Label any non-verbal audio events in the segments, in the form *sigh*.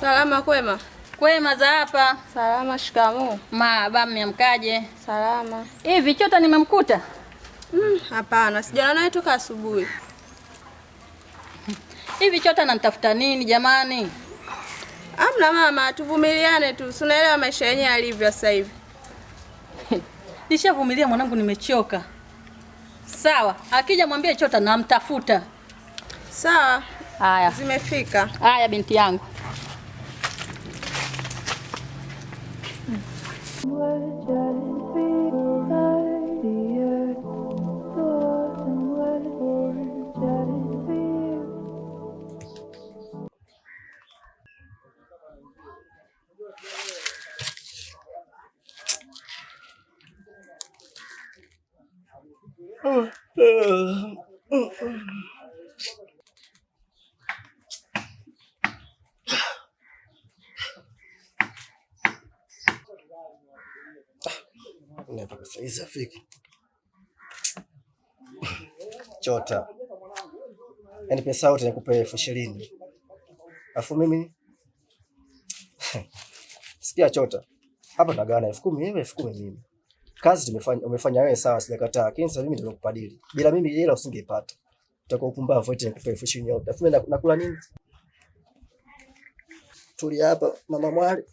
Salama kwema? Kwema za hapa. Salama. Shikamoo. Maba, mmeamkaje? Salama. Hivi Chota nimemkuta? Mm, hapana, sijaona naye toka asubuhi. *laughs* Hivi Chota namtafuta nini jamani? Amna mama, tuvumiliane tu, si unaelewa maisha yenyewe alivyo sasa hivi. *laughs* Nishavumilia mwanangu, nimechoka. Sawa, akija mwambie Chota namtafuta. Sawa. Haya, zimefika. Haya binti yangu. Chota. Yaani pesa yote nikupe elfu ishirini. Alafu mimi *laughs* sikia chota. Hapa nagawana elfu kumi wewe, elfu kumi mimi. Kazi tumefanya umefanya wewe sawa, sijakataa. Lakini sasa mimi ndio nakupadili. Bila mimi hela usingepata. Utakuwa upumbavu eti nikupe elfu ishirini yote. Alafu mimi nakula nini? Tulia hapa mama mwali.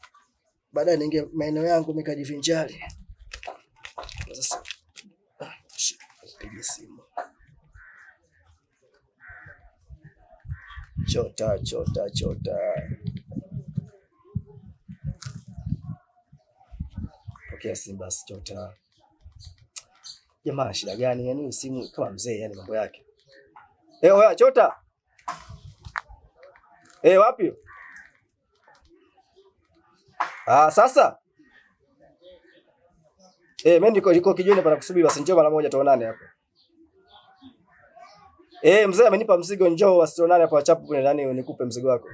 Baadaye ninge maeneo yangu nikajivinjari. apige simu. Chota chota chota, pokea simu basi, chota. Jamaa shida gani? Yani simu kama mzee, yani mambo yake. Eh, oya chota. Eh, wapi? Ah, sasa Eh, mimi niko niko kijoni pana kusubiri basi njoo mara moja tuonane hapo. Eh, mzee amenipa mzigo, njoo wastonane hapo wachapu kwenye nani nikupe mzigo wako.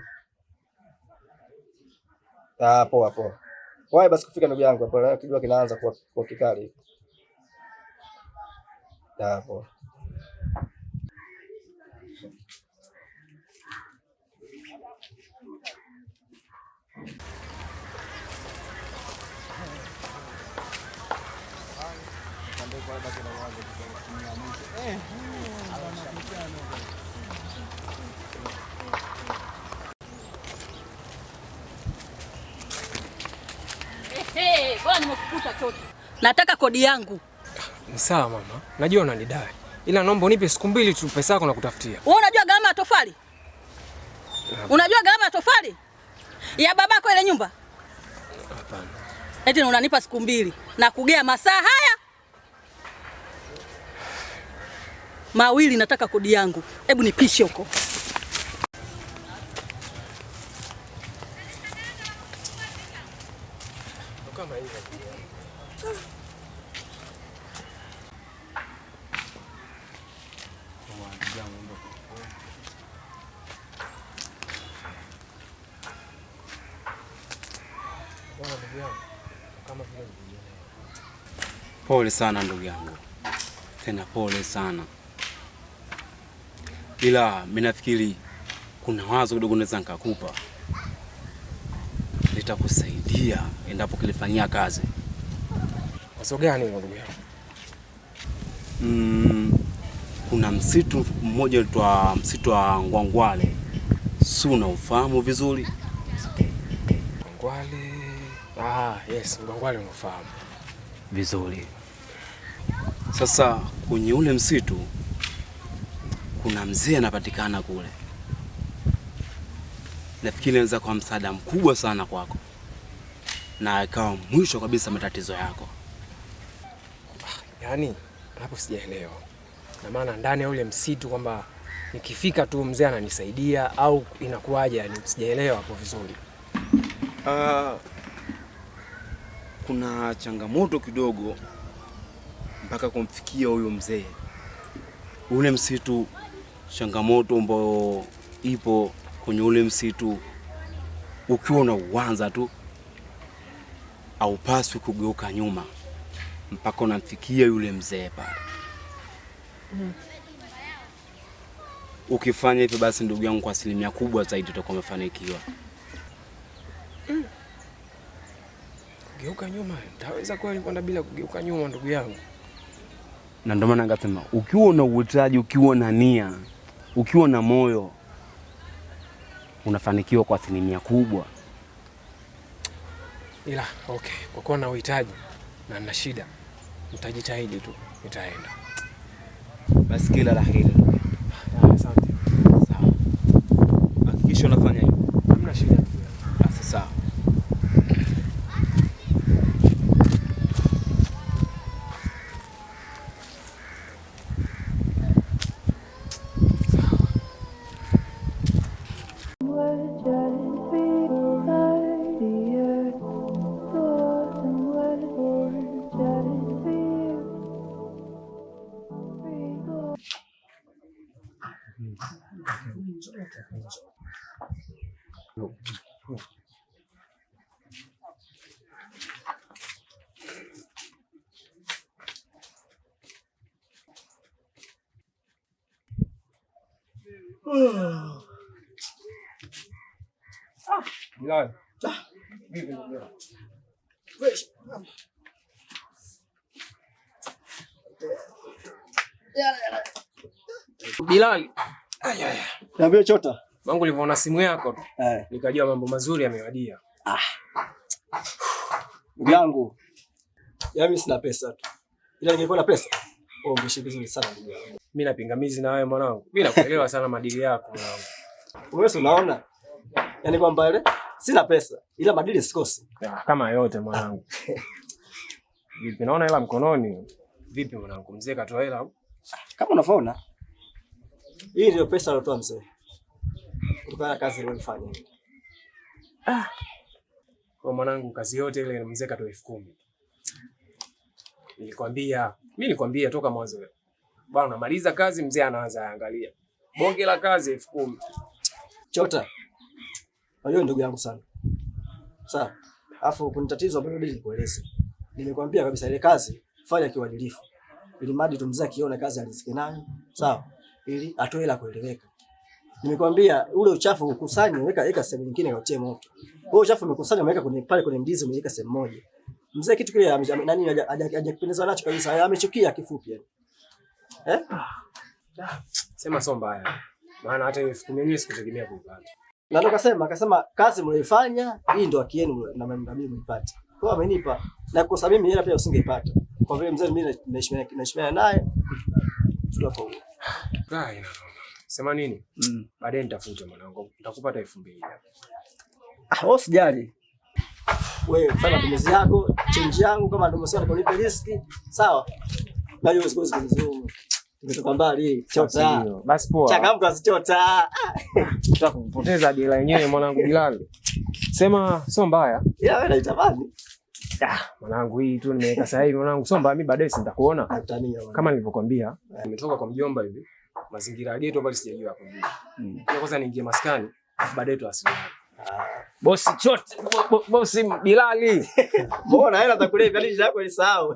Ah, poa poa. Wae basi kufika ndugu yangu hapo kijua kinaanza kwa kikali. Ah, poa. Nataka kodi yangu. Ni sawa mama, najua unanidai, ila naomba unipe siku mbili tu pesa yako kutafutia. Wewe unajua gharama ya tofali? Unajua gharama ya tofali ya babako ile nyumba? Hapana. Eti unanipa siku mbili na kugea masaa haya mawili, nataka kodi yangu, hebu nipishe huko. Pole sana ndugu yangu, tena pole sana ila mimi nafikiri kuna wazo kidogo naweza nikakupa, litakusaidia endapo kilifanyia kazi. Wazo gani ndugu yangu? Mm, kuna msitu mmoja unaitwa msitu wa Ngwangwale, si unaufahamu vizuri? Ngwangwale. Ah, yes, Ngwangwale unafahamu vizuri. Sasa kwenye ule msitu kuna mzee anapatikana kule, nafikiri naweza kuwa msaada mkubwa sana kwako na ikawa mwisho kabisa matatizo yako. Yaani hapo sijaelewa, na maana ndani ya ule msitu kwamba nikifika tu mzee ananisaidia au inakuwaje? Yani sijaelewa hapo vizuri. Uh, kuna changamoto kidogo mpaka kumfikia huyo mzee. Ule msitu changamoto ambayo ipo kwenye ule msitu, ukiwa na uwanza tu haupaswi kugeuka nyuma mpaka unamfikia yule mzee pale. Mm. Ukifanya hivyo basi, ndugu yangu, kwa asilimia kubwa zaidi utakuwa umefanikiwa. Mm. Geuka nyuma taweza kweli kwenda bila kugeuka nyuma, ndugu yangu, na ndio maana ngasema ukiwa na uhitaji, ukiwa na nia ukiwa na moyo unafanikiwa kwa asilimia kubwa, ila okay, kwa kuwa na uhitaji na nina shida, nitajitahidi tu, nitaenda basi. Kila la heri. rồi Bilali. Niambie chota. Mangu ulivyoona simu yako tu. Eh. Nikajua mambo mazuri yamewadia. Ah. Yangu. Yaani sina pesa tu. Ila ningekuwa na pesa. Oh, umeishi vizuri sana ndugu yangu. Mimi na pingamizi na wewe mwanangu. Mimi nakuelewa sana madili yako mwanangu. Wewe unaona? Yaani kwamba ile sina pesa ila madili sikosi. Ah, kama yote mwanangu. *laughs* Vipi naona hela mkononi? Vipi mwanangu, mzee katoa hela? Ah, kama unavyoona. Hii ndio pesa alotoa mzee kutokana na kazi aliyofanya. Ah. Kwa mwanangu kazi yote ile mzee katoa elfu kumi. Nilikwambia, mimi nilikwambia toka mwanzo. Bwana unamaliza kazi mzee anaanza angalia. Bonge la kazi elfu kumi. Chota. Hayo ndugu yangu sana. Sawa. Alafu kuna tatizo ambalo ndio nikueleze. Nimekwambia kabisa ile kazi fanya kiuadilifu. Ili mradi tumzee akiona kazi alizike nayo. Sawa ili atoe la kueleweka. Nimekwambia ule uchafu ukusanye, weka weka sehemu nyingine kautie moto. Wewe uchafu umekusanya umeweka kwenye pale kwenye ndizi umeweka sehemu moja. Mzee kitu kile nani hajakipendezwa nacho kabisa. Amechukia kifupi yani. Eh? Sema sio mbaya. Maana hata hiyo siku yenyewe sikutegemea kuipata. Na ndo kasema, akasema kazi mlioifanya hii ndo haki yenu na mimi mlipata. Kwa amenipa na kwa sababu mimi hela pia usingeipata. Kwa vile mzee mimi naheshimiana naye. Tunapokuwa Sema nini? Mm. Baadaye mwanangu. Nitakupa hata 2000. Ah, wewe usijali. Wewe fanya yako, change yangu kama ndio msio riski. Sawa? Yaani mbali. Chota. Basi poa. yenyewe mwanangu Sema sio mbaya. wewe unaitamani. Ah, mwanangu hii tu nimeweka sasa hivi mwanangu, sio mbaya. Mimi baadaye sitakuona. Kama nilivyokuambia, nimetoka kwa mjomba hivi mazingira ya ghetto ambayo sijajua hapo juu. Mm. Kwanza niingie maskani, afu baadaye tuwasiliane. Bosi chote, bosi Bilali. *laughs* Mbona hela takulia hivi ndio yako isahau. *laughs*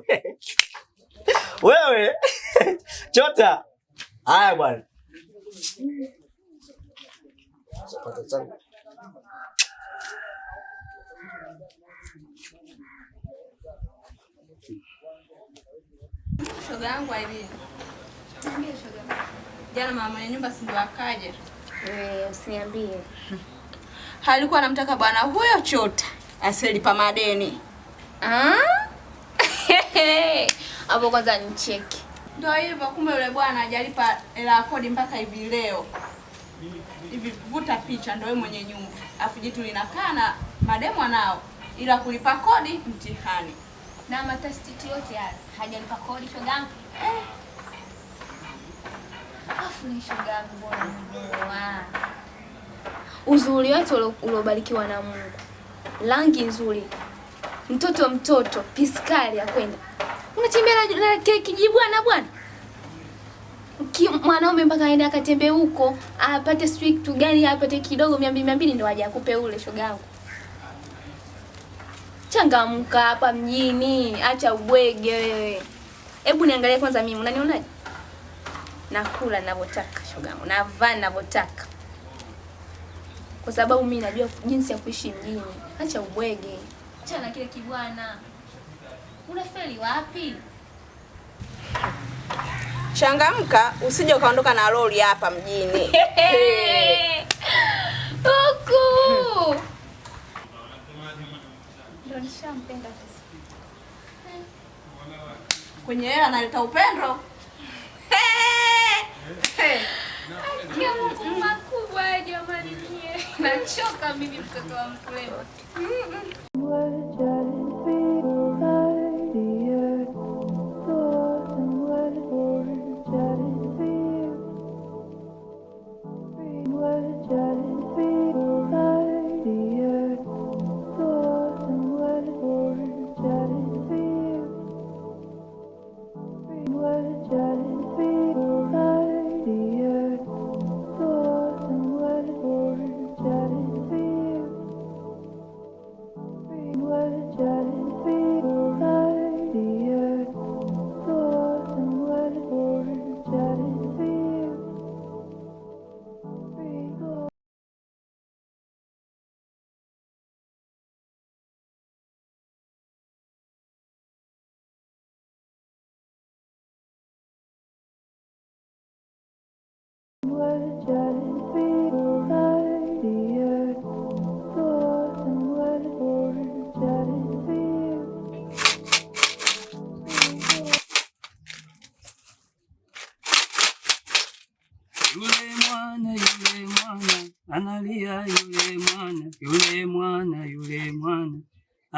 Wewe *laughs* chota. Haya bwana. Shoga yangu aibii. Shoga. Jana mama mwenye nyumba si ndio akaja? Eh, usiniambie. Halikuwa *laughs* anamtaka bwana huyo chota asilipa madeni. Ah? *laughs* Hapo kwanza nicheki. Ndio hivyo, kumbe yule bwana hajalipa hela kodi mpaka hivi leo. Hivi vuta picha ndio yeye mwenye nyumba. Afu jitu linakaa na mademu anao ila kulipa kodi mtihani. Na matastiti yote haya hajalipa kodi shogangu. Eh. Afu ni shoga mbona Uzuri wetu uliobarikiwa na Mungu, rangi nzuri, mtoto mtoto, piskari ya kwenda unatembea na kijibwana bwana mwanaume mpaka aende akatembee huko apate sijui kitu gani, apate kidogo mia mbili mia mbili ndio aje akupe ule. Shoga yangu, changamka hapa mjini, acha ubwege wewe. Hebu niangalie kwanza, mimi unanionaje? nakula ninavyotaka shoga yangu, navaa ninavyotaka, kwa sababu mimi najua jinsi ya kuishi mjini. Acha ubwege, acha na kile kibwana. Unafeli wapi? Changamka, usije ukaondoka na lori hapa mjini *laughs* *laughs* huku ndio nishampenda kwenye yeye analeta upendo Mungu makubwa jamani, mie nachoka mimi, mtoto wa mkulima.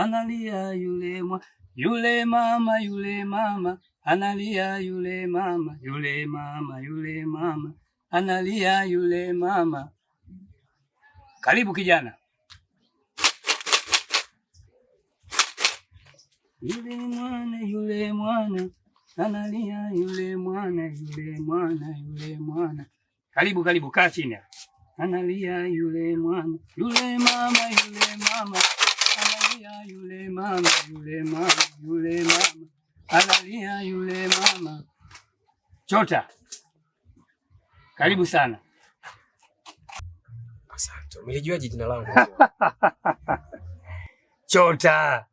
analia yule mwa yule mama yule mama analia yule mama yule mama yule mama analia yule mama. Karibu kijana. Yule mwana yule mwana analia yule mwana yule mwana yule mwana. Karibu karibu, kaa chini. Analia yule mwana yule mama yule mama analia yule mama, yule mama, yule mama analia yule mama. Chota, karibu sana. Asante. Umelijuaje jina langu? *laughs* Chota,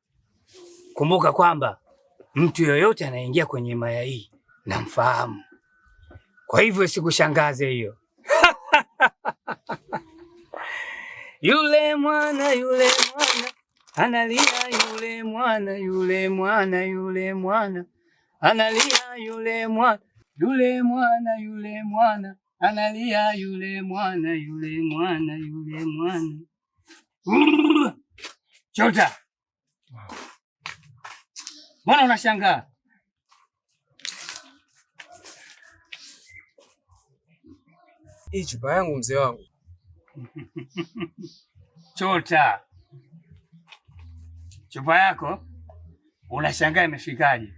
kumbuka kwamba mtu yoyote anaingia kwenye maya hii namfahamu, kwa hivyo sikushangaze hiyo. *laughs* Yule mwana, yule mwana analia yule mwana yule mwana yule mwana analia yule mwana yule mwana yule mwana analia yule mwana yule mwana yule mwana chota. Wow. Mbona unashangaa? Hii chupa yangu mzee wangu. *laughs* Chota chupa yako unashangaa imefikaje?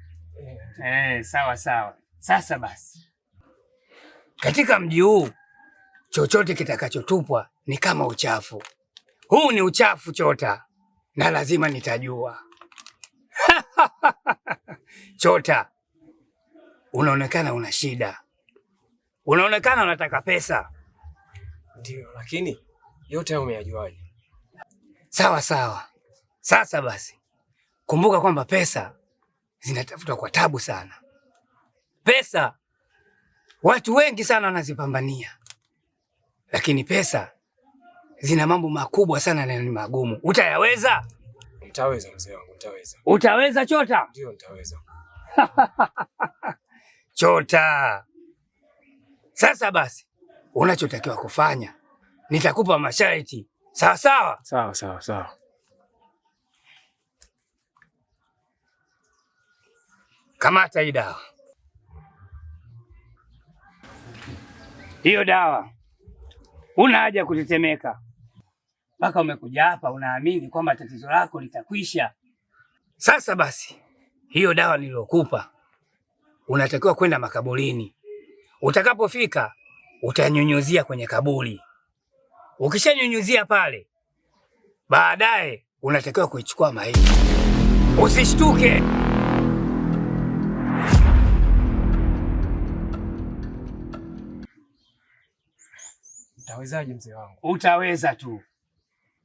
Yeah. E, eh, sawa sawa. Sasa basi, katika mji huu chochote kitakachotupwa ni kama uchafu. Huu ni uchafu chota, na lazima nitajua. *laughs* Chota, unaonekana una shida, unaonekana unataka pesa. Ndio, lakini yote hayo umeyajuaje? Sawa sawa sasa basi, kumbuka kwamba pesa zinatafutwa kwa tabu sana. Pesa watu wengi sana wanazipambania, lakini pesa zina mambo makubwa sana na ni magumu. Utayaweza? Nitaweza mzee wangu, nitaweza. Utaweza chota? Ndio, nitaweza. *laughs* Chota. Sasa basi, unachotakiwa kufanya nitakupa masharti, sawa sawa? Sawa sawa sawa. Kamata hii dawa. Hiyo dawa una haja kutetemeka mpaka umekuja hapa, unaamini kwamba tatizo lako litakwisha. Sasa basi, hiyo dawa niliyokupa unatakiwa kwenda makaburini. Utakapofika utanyunyuzia kwenye kaburi. Ukishanyunyuzia pale, baadaye unatakiwa kuichukua maiti. Usishtuke. Utawezaje mzee wangu? Utaweza tu,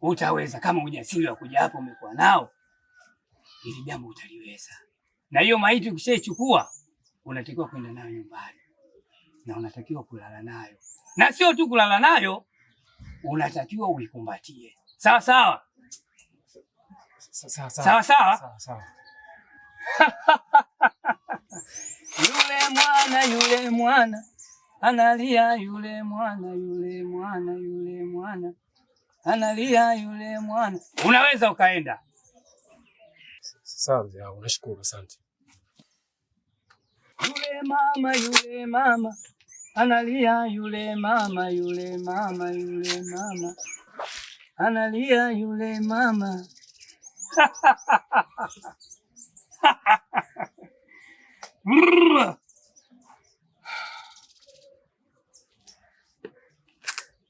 utaweza kama ujasiri wa kuja hapo umekuwa nao, ili jambo utaliweza. Na hiyo maiti ukishaichukua, unatakiwa kwenda nayo nyumbani na unatakiwa kulala nayo, na sio tu kulala nayo, unatakiwa uikumbatie. Sawa sawa, sawa sawa. *laughs* Yule mwana, yule mwana analia yule mwana, yule mwana, yule mwana analia yule mwana. Unaweza ukaenda sawa. Unashukuru, asante. Yule mama, yule mama analia, yule mama, yule mama, yule mama analia, yule mama *laughs*